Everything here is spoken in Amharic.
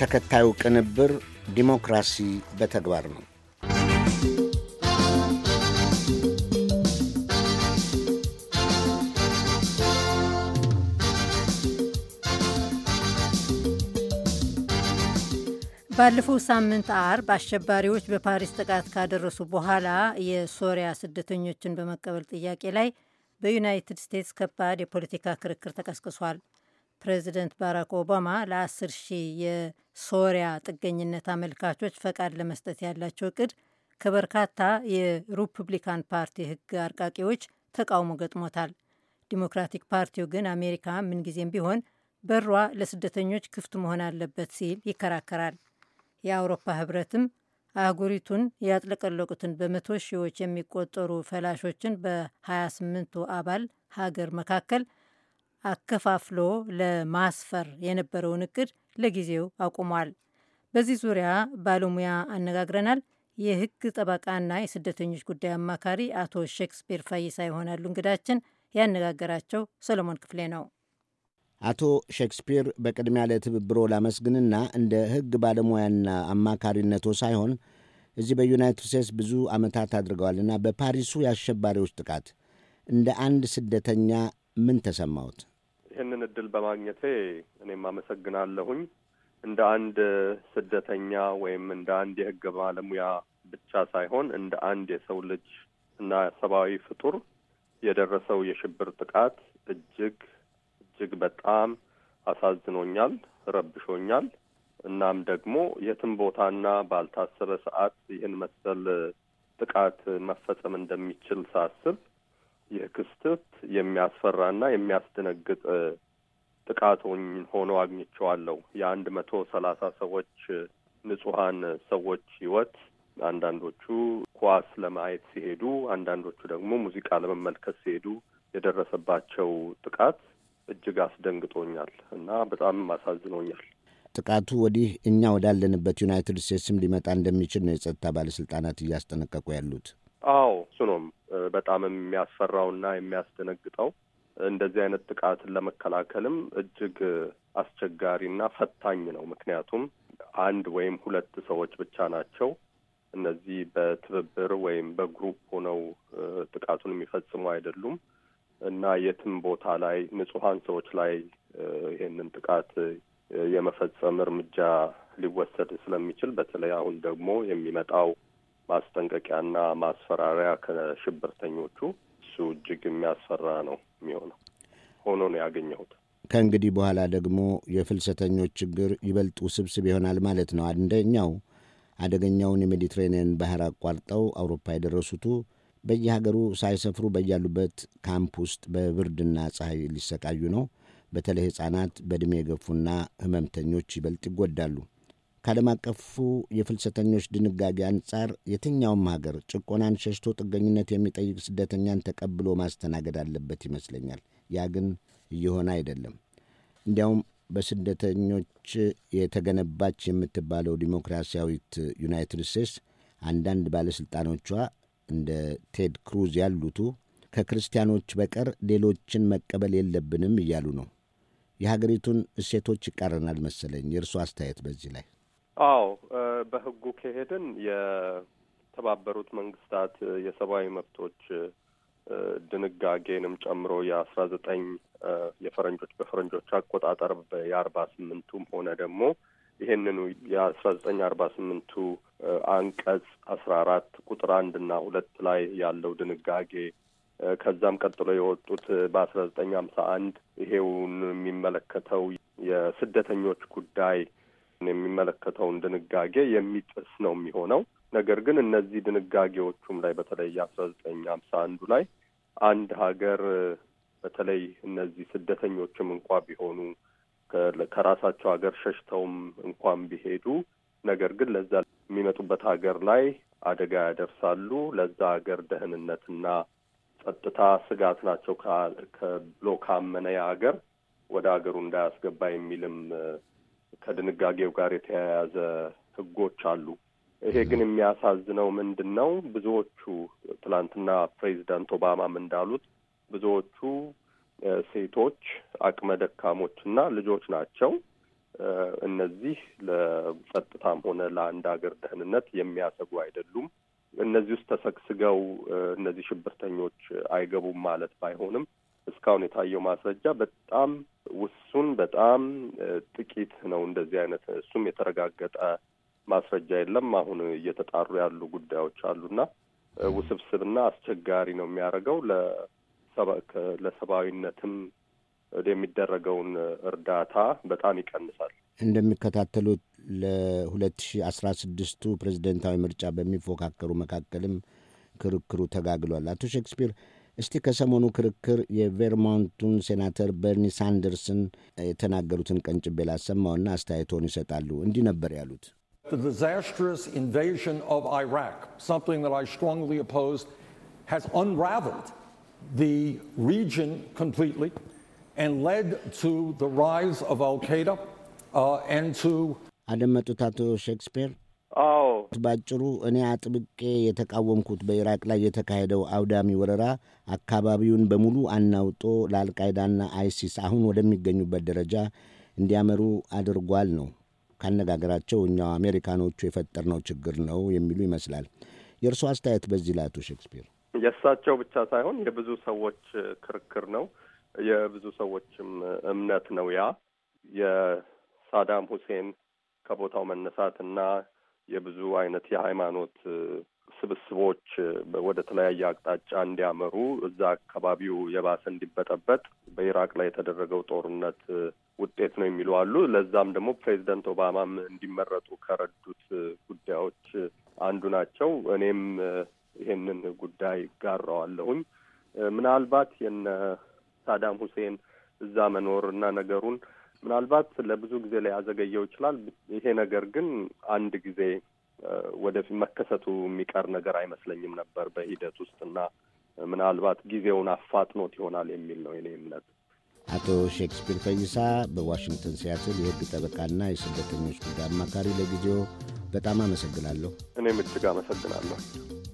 ተከታዩ ቅንብር ዲሞክራሲ በተግባር ነው። ባለፈው ሳምንት አርብ አሸባሪዎች በፓሪስ ጥቃት ካደረሱ በኋላ የሶሪያ ስደተኞችን በመቀበል ጥያቄ ላይ በዩናይትድ ስቴትስ ከባድ የፖለቲካ ክርክር ተቀስቅሷል። ፕሬዚደንት ባራክ ኦባማ ለ10 ሺህ የሶሪያ ጥገኝነት አመልካቾች ፈቃድ ለመስጠት ያላቸው እቅድ ከበርካታ የሪፑብሊካን ፓርቲ ህግ አርቃቂዎች ተቃውሞ ገጥሞታል። ዲሞክራቲክ ፓርቲው ግን አሜሪካ ምንጊዜም ቢሆን በሯ ለስደተኞች ክፍት መሆን አለበት ሲል ይከራከራል። የአውሮፓ ህብረትም አህጉሪቱን ያጥለቀለቁትን በመቶ ሺዎች የሚቆጠሩ ፈላሾችን በ28ቱ አባል ሀገር መካከል አከፋፍሎ ለማስፈር የነበረውን እቅድ ለጊዜው አቁሟል። በዚህ ዙሪያ ባለሙያ አነጋግረናል። የህግ ጠበቃና የስደተኞች ጉዳይ አማካሪ አቶ ሼክስፒር ፈይሳ ይሆናሉ እንግዳችን። ያነጋገራቸው ሰሎሞን ክፍሌ ነው። አቶ ሼክስፒር በቅድሚያ ለትብብሮ ላመስግንና እንደ ህግ ባለሙያና አማካሪነቶ ሳይሆን እዚህ በዩናይትድ ስቴትስ ብዙ ዓመታት አድርገዋልና በፓሪሱ የአሸባሪዎች ጥቃት እንደ አንድ ስደተኛ ምን ተሰማሁት? ይህንን እድል በማግኘቴ እኔም አመሰግናለሁኝ። እንደ አንድ ስደተኛ ወይም እንደ አንድ የህግ ባለሙያ ብቻ ሳይሆን እንደ አንድ የሰው ልጅ እና ሰብአዊ ፍጡር የደረሰው የሽብር ጥቃት እጅግ እጅግ በጣም አሳዝኖኛል፣ ረብሾኛል። እናም ደግሞ የትም ቦታና ባልታሰበ ሰዓት ይህን መሰል ጥቃት መፈጸም እንደሚችል ሳስብ ይህ ክስተት የሚያስፈራና የሚያስደነግጥ ጥቃቶኝ ሆኖ አግኝቸዋለሁ። የአንድ መቶ ሰላሳ ሰዎች ንጹሀን ሰዎች ህይወት አንዳንዶቹ ኳስ ለማየት ሲሄዱ፣ አንዳንዶቹ ደግሞ ሙዚቃ ለመመልከት ሲሄዱ የደረሰባቸው ጥቃት እጅግ አስደንግጦኛል እና በጣም አሳዝኖኛል። ጥቃቱ ወዲህ እኛ ወዳለንበት ዩናይትድ ስቴትስም ሊመጣ እንደሚችል ነው የጸጥታ ባለስልጣናት እያስጠነቀቁ ያሉት። አዎ እሱ ነው በጣም የሚያስፈራውና የሚያስደነግጠው እንደዚህ አይነት ጥቃትን ለመከላከልም እጅግ አስቸጋሪና ፈታኝ ነው። ምክንያቱም አንድ ወይም ሁለት ሰዎች ብቻ ናቸው እነዚህ በትብብር ወይም በግሩፕ ሆነው ጥቃቱን የሚፈጽሙ አይደሉም እና የትም ቦታ ላይ ንጹሐን ሰዎች ላይ ይህንን ጥቃት የመፈጸም እርምጃ ሊወሰድ ስለሚችል በተለይ አሁን ደግሞ የሚመጣው ማስጠንቀቂያና ማስፈራሪያ ከሽብርተኞቹ እሱ እጅግ የሚያስፈራ ነው የሚሆነው ሆኖ ነው ያገኘሁት። ከእንግዲህ በኋላ ደግሞ የፍልሰተኞች ችግር ይበልጥ ውስብስብ ይሆናል ማለት ነው። አንደኛው አደገኛውን የሜዲትሬንየን ባህር አቋርጠው አውሮፓ የደረሱቱ በየሀገሩ ሳይሰፍሩ በያሉበት ካምፕ ውስጥ በብርድና ፀሐይ ሊሰቃዩ ነው። በተለይ ሕፃናት፣ በዕድሜ የገፉና ህመምተኞች ይበልጥ ይጎዳሉ። ከዓለም አቀፉ የፍልሰተኞች ድንጋጌ አንጻር የትኛውም ሀገር ጭቆናን ሸሽቶ ጥገኝነት የሚጠይቅ ስደተኛን ተቀብሎ ማስተናገድ አለበት ይመስለኛል። ያ ግን እየሆነ አይደለም። እንዲያውም በስደተኞች የተገነባች የምትባለው ዲሞክራሲያዊት ዩናይትድ ስቴትስ አንዳንድ ባለሥልጣኖቿ እንደ ቴድ ክሩዝ ያሉቱ ከክርስቲያኖች በቀር ሌሎችን መቀበል የለብንም እያሉ ነው። የሀገሪቱን እሴቶች ይቃረናል መሰለኝ። የእርሱ አስተያየት በዚህ ላይ አዎ በህጉ ከሄድን የተባበሩት መንግስታት የሰብአዊ መብቶች ድንጋጌንም ጨምሮ የአስራ ዘጠኝ የፈረንጆች በፈረንጆች አቆጣጠር የአርባ ስምንቱም ሆነ ደግሞ ይሄንኑ የአስራ ዘጠኝ አርባ ስምንቱ አንቀጽ አስራ አራት ቁጥር አንድ እና ሁለት ላይ ያለው ድንጋጌ ከዛም ቀጥሎ የወጡት በአስራ ዘጠኝ ሀምሳ አንድ ይሄውን የሚመለከተው የስደተኞች ጉዳይ የሚመለከተውን ድንጋጌ የሚጥስ ነው የሚሆነው። ነገር ግን እነዚህ ድንጋጌዎቹም ላይ በተለይ አስራ ዘጠኝ ሀምሳ አንዱ ላይ አንድ ሀገር በተለይ እነዚህ ስደተኞችም እንኳ ቢሆኑ ከራሳቸው ሀገር ሸሽተውም እንኳን ቢሄዱ ነገር ግን ለዛ የሚመጡበት ሀገር ላይ አደጋ ያደርሳሉ፣ ለዛ ሀገር ደህንነትና ጸጥታ ስጋት ናቸው ብሎ ካመነ ያ ሀገር ወደ ሀገሩ እንዳያስገባ የሚልም ከድንጋጌው ጋር የተያያዘ ህጎች አሉ። ይሄ ግን የሚያሳዝነው ምንድን ነው? ብዙዎቹ ትላንትና ፕሬዚዳንት ኦባማም እንዳሉት ብዙዎቹ ሴቶች፣ አቅመ ደካሞች እና ልጆች ናቸው። እነዚህ ለጸጥታም ሆነ ለአንድ ሀገር ደህንነት የሚያሰጉ አይደሉም። እነዚህ ውስጥ ተሰግስገው እነዚህ ሽብርተኞች አይገቡም ማለት ባይሆንም እስካሁን የታየው ማስረጃ በጣም ውሱን፣ በጣም ጥቂት ነው። እንደዚህ አይነት እሱም የተረጋገጠ ማስረጃ የለም። አሁን እየተጣሩ ያሉ ጉዳዮች አሉና ውስብስብና አስቸጋሪ ነው የሚያደርገው ለሰብአዊነትም የሚደረገውን እርዳታ በጣም ይቀንሳል። እንደሚከታተሉት ለሁለት ሺ አስራ ስድስቱ ፕሬዚደንታዊ ምርጫ በሚፎካከሩ መካከልም ክርክሩ ተጋግሏል። አቶ ሼክስፒር እስቲ ከሰሞኑ ክርክር የቬርማንቱን ሴናተር በርኒ ሳንደርስን የተናገሩትን ቀንጭቤ ላሰማውና አስተያየቶን ይሰጣሉ። እንዲህ ነበር ያሉት። uh, አደመጡት አቶ ሼክስፒር አዎ ባጭሩ እኔ አጥብቄ የተቃወምኩት በኢራቅ ላይ የተካሄደው አውዳሚ ወረራ አካባቢውን በሙሉ አናውጦ ለአልቃይዳና አይሲስ አሁን ወደሚገኙበት ደረጃ እንዲያመሩ አድርጓል ነው ካነጋገራቸው እኛው አሜሪካኖቹ የፈጠርነው ችግር ነው የሚሉ ይመስላል። የእርሶ አስተያየት በዚህ ላይ አቶ ሼክስፒር? የእሳቸው ብቻ ሳይሆን የብዙ ሰዎች ክርክር ነው፣ የብዙ ሰዎችም እምነት ነው። ያ የሳዳም ሁሴን ከቦታው መነሳት እና የብዙ አይነት የሃይማኖት ስብስቦች ወደ ተለያየ አቅጣጫ እንዲያመሩ እዛ አካባቢው የባሰ እንዲበጠበጥ በኢራቅ ላይ የተደረገው ጦርነት ውጤት ነው የሚሉ አሉ። ለዛም ደግሞ ፕሬዚደንት ኦባማም እንዲመረጡ ከረዱት ጉዳዮች አንዱ ናቸው። እኔም ይሄንን ጉዳይ ጋራዋለሁኝ። ምናልባት የነ ሳዳም ሁሴን እዛ መኖር እና ነገሩን ምናልባት ለብዙ ጊዜ ላይ ይችላል። ይሄ ነገር ግን አንድ ጊዜ ወደፊት መከሰቱ የሚቀር ነገር አይመስለኝም ነበር በሂደት ውስጥ እና ምናልባት ጊዜውን አፋጥኖት ይሆናል የሚል ነው የኔ እምነት። አቶ ሼክስፒር ፈይሳ በዋሽንግተን ሲያትል የህግ ጠበቃና የስደተኞች ጉዳይ አማካሪ፣ ለጊዜው በጣም አመሰግናለሁ። እኔም እጅግ አመሰግናለሁ።